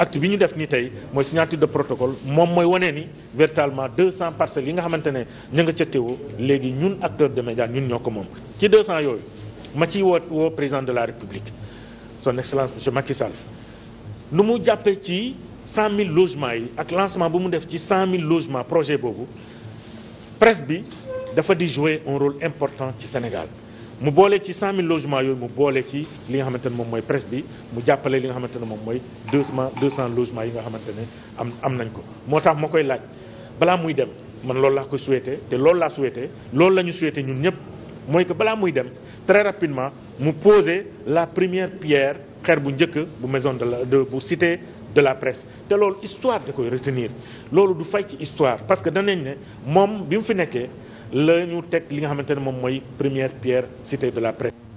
acte bi ñu def ni tey mooy signature de protocole moom mooy wane ni véritablement 200 parcelles yi nga xamante ne ña nga ca teewoo léegi ñun acteur de médias ñun ñoo ko moom. ci 200 yooyu ma ci woo woo président de la république son excellence monsieur Macky Sall nu mu jàppee ci 100000 logements yi ak lancement bu mu def ci 100000 logements projet boobu presse bi dafa di jouer un rôle important ci Sénégal. mu boolee ci 100000 yooyu mu boolee ci li nga xamante ne moom mooy presse bi mu jàppale li nga xamante ne moom mooy 200 200 logements yi nga xamante ne am am nañ ko moo tax ma koy laaj balaa muy dem man loolu laa ko souhaité te loolu laa souhaité loolu la ñu souhaité ñun ñëpp mooy que balaa muy dem très rapidement mu poser la première pierre xeer bu njëkk bu maison de la de bu cité de la presse te loolu histoire da koy retenir loolu du fay ci parce que danañ ne moom bi mu fi nekkee. la ñu teg li nga xamante ne moom mooy première pierre cité de la presse